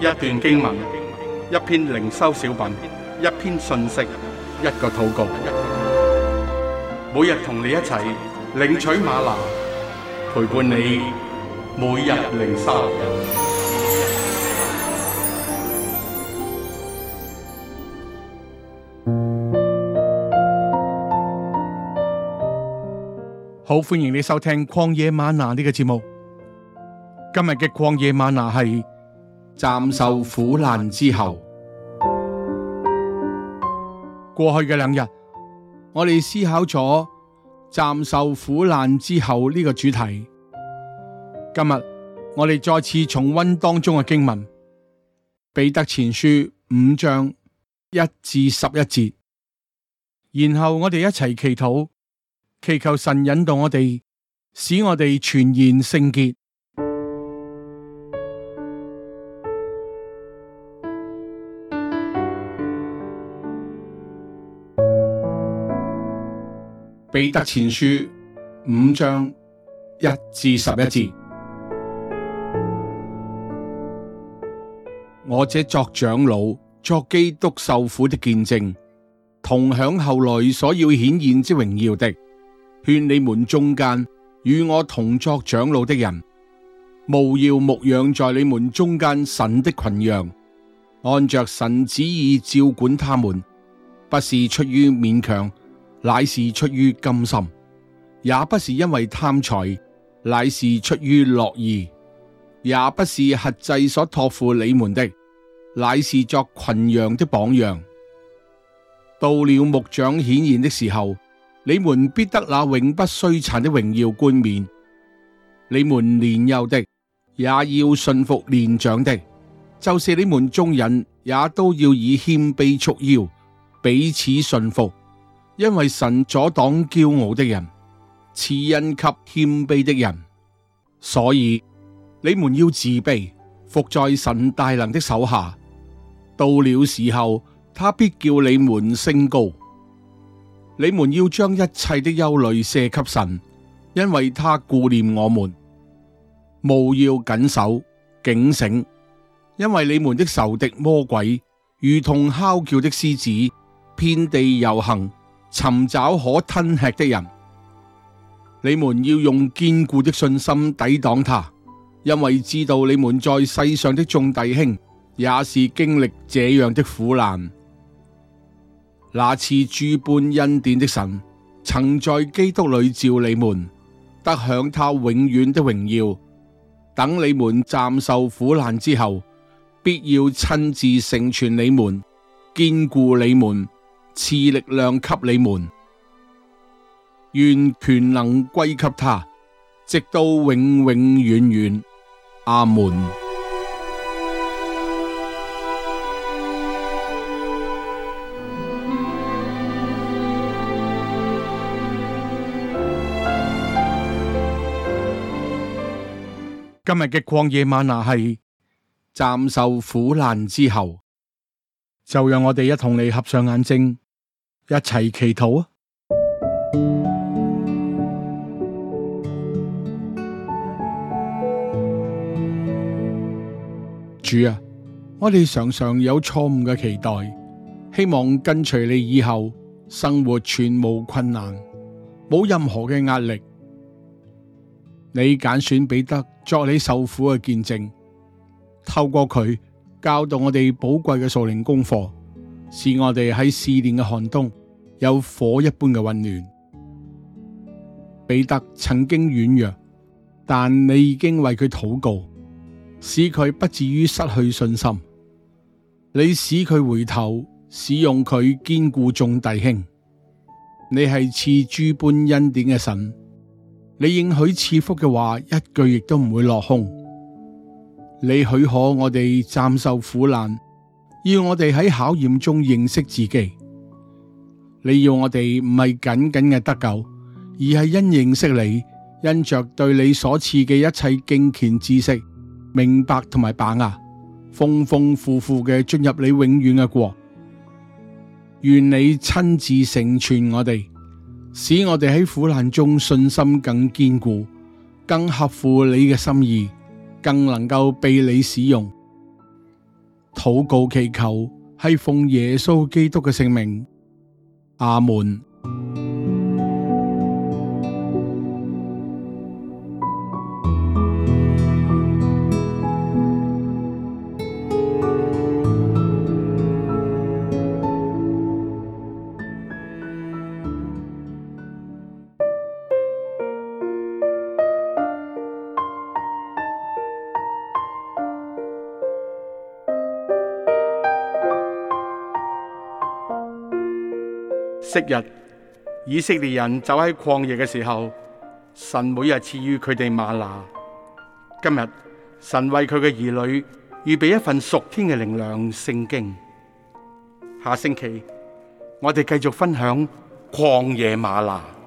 一段經文，一篇靈修小品，一篇信息，一個禱告。每日同你一齊領取嗎哪，陪伴你每日靈修。好，歡迎你收聽《曠野嗎哪》呢個節目。今日嘅《曠野嗎哪》係。暫受苦難之後，過去嘅兩日，我哋思考咗暫受苦難之後呢個主題。今日我哋再次重温當中嘅經文《彼得前書》五章一至十一節，然後我哋一齊祈禱，祈求神引導我哋，使我哋全然聖潔。彼得前書五章一至十一節：「我這作長老、作基督受苦的見證，同享後來所要顯現之榮耀的，勸你們中間與我同作長老的人，務要牧養在你們中間神的群羊，按着神旨意照管他們，不是出於勉強。乃是出於甘心，也不是因為貪財；乃是出於樂意，也不是轄制所託付你們的，乃是作群羊的榜樣。到了牧長顯現的時候，你們必得那永不衰殘的榮耀冠冕。你們年幼的也要順服年長的，就是你們眾人也都要以謙卑束腰，彼此順服。因為神阻擋驕傲的人，賜恩給謙卑的人，所以你們要自卑，伏在神大能的手下。到了時候，他必叫你們升高。你們要將一切的憂慮卸給神，因為他顧念我們。務要謹守警醒，因為你們的仇敵魔鬼如同吼叫的獅子，遍地遊行。尋找可吞吃的人，你們要用堅固的信心抵擋他，因為知道你們在世上的眾弟兄也是經歷這樣的苦難。那賜諸般恩典的神曾在基督裏召你們得享他永遠的榮耀，等你們暫受苦難之後，必要親自成全你們，堅固你們。賜力量給你們，願權能歸給他，直到永永遠遠。阿門。今日嘅曠野嗎哪係，暫受苦難之後，就讓我哋一同嚟合上眼睛。一齊祈禱啊！主啊，我哋常常有錯誤嘅期待，希望跟隨你以後生活全無困難，冇任何嘅壓力。你揀選彼得作你受苦嘅見證，透過佢教導我哋寶貴嘅屬靈功課，是我哋喺試煉嘅寒冬。有火一般嘅溫暖，彼得曾經軟弱，但你已經為佢禱告，使佢不至於失去信心。你使佢回頭，使用佢堅固眾弟兄。你係賜諸般恩典嘅神，你應許賜福嘅話，一句亦都唔會落空。你許可我哋暫受苦難，要我哋喺考驗中認識自己。你要我哋唔係僅僅嘅得救，而係因認識你，因着對你所賜嘅一切敬虔知識，明白同埋把握，豐豐富富嘅進入你永遠嘅國。願你親自成全我哋，使我哋喺苦難中信心更堅固，更合乎你嘅心意，更能夠被你使用。禱告祈求係奉耶穌基督嘅聖名。阿門。昔日以色列人走喺曠野嘅時候，神每日賜予佢哋嗎哪。今日神為佢嘅兒女預備一份屬天嘅靈糧聖經。下星期我哋繼續分享曠野嗎哪。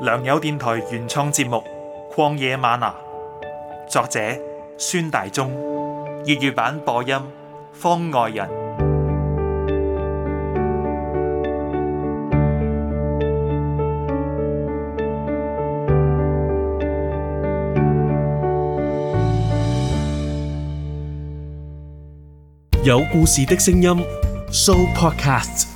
良友電台原創節目《曠野嗎哪》，作者孫大中，粵語版播音方外人，有故事的聲音，Show Podcast。